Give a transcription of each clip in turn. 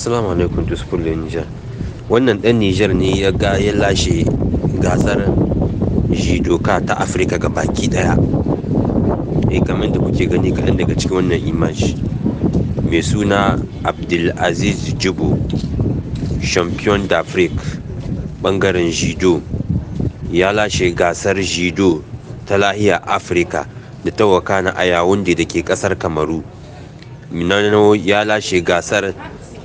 salamu alaikum Tusfullin Nijar. Wannan ɗan Nijar ne ya ga ya lashe gasar jidoka ta Afirka ga baki ɗaya. E kamar da kuke gani kaɗan daga cikin wannan image. Mai suna Abdulaziz Jibo, champion d'Afrique ɓangaren jido. Ya lashe gasar jido ta lahiya Afirka da ta wakana a yawon da ke ƙasar Kamaru. Minano ya lashe gasar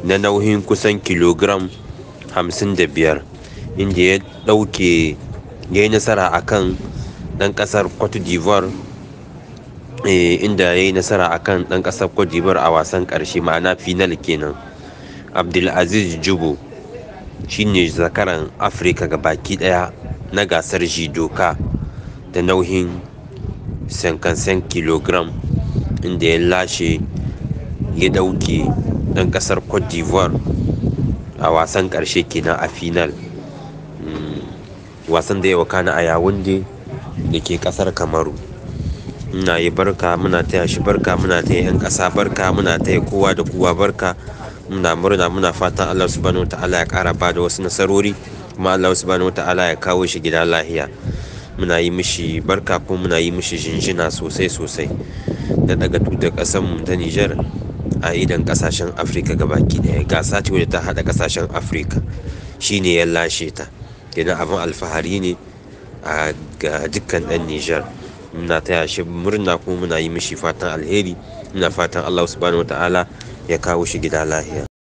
na nauhin kusan kilogiram 55 inda ya dauke ya yi nasara a kan ɗan ƙasar cote d'ivoire eh, inda ya yi nasara a kan ɗan ƙasar cote d'ivoire a wasan ƙarshe ma'ana final kenan abdulaziz jubo shine zakaran afirka ga baki ɗaya na gasar jidoka da nauyin 55 kilogram inda ya lashe ya ɗauke dan kasar cote d'ivoire a wasan karshe kenan a final hmm, wasan da ya wakana a yawunde da ke kasar kamaru muna yi barka muna taya shi barka muna taya 'yan ƙasa barka muna taya kowa da kowa barka muna murna muna fatan allah subhanahu wa ta'ala ya ƙara ba da wasu nasarori kuma allah subhanahu wa ta'ala ya kawo shi gida lahiya muna yi mishi barka kuma muna yi mishi jinjina sosai sosai da daga tutar ƙasar mu ta nijar a idan kasashen afirka gabaki daya ga ce wadda ta hada kasashen afirka ne ya lashe ta idan abin alfahari ne ga dukkan dan nijar muna taya shi murna kuma muna yi mishi fatan alheri muna fatan allah subhanahu wa ta'ala ya kawo shi gida lahiya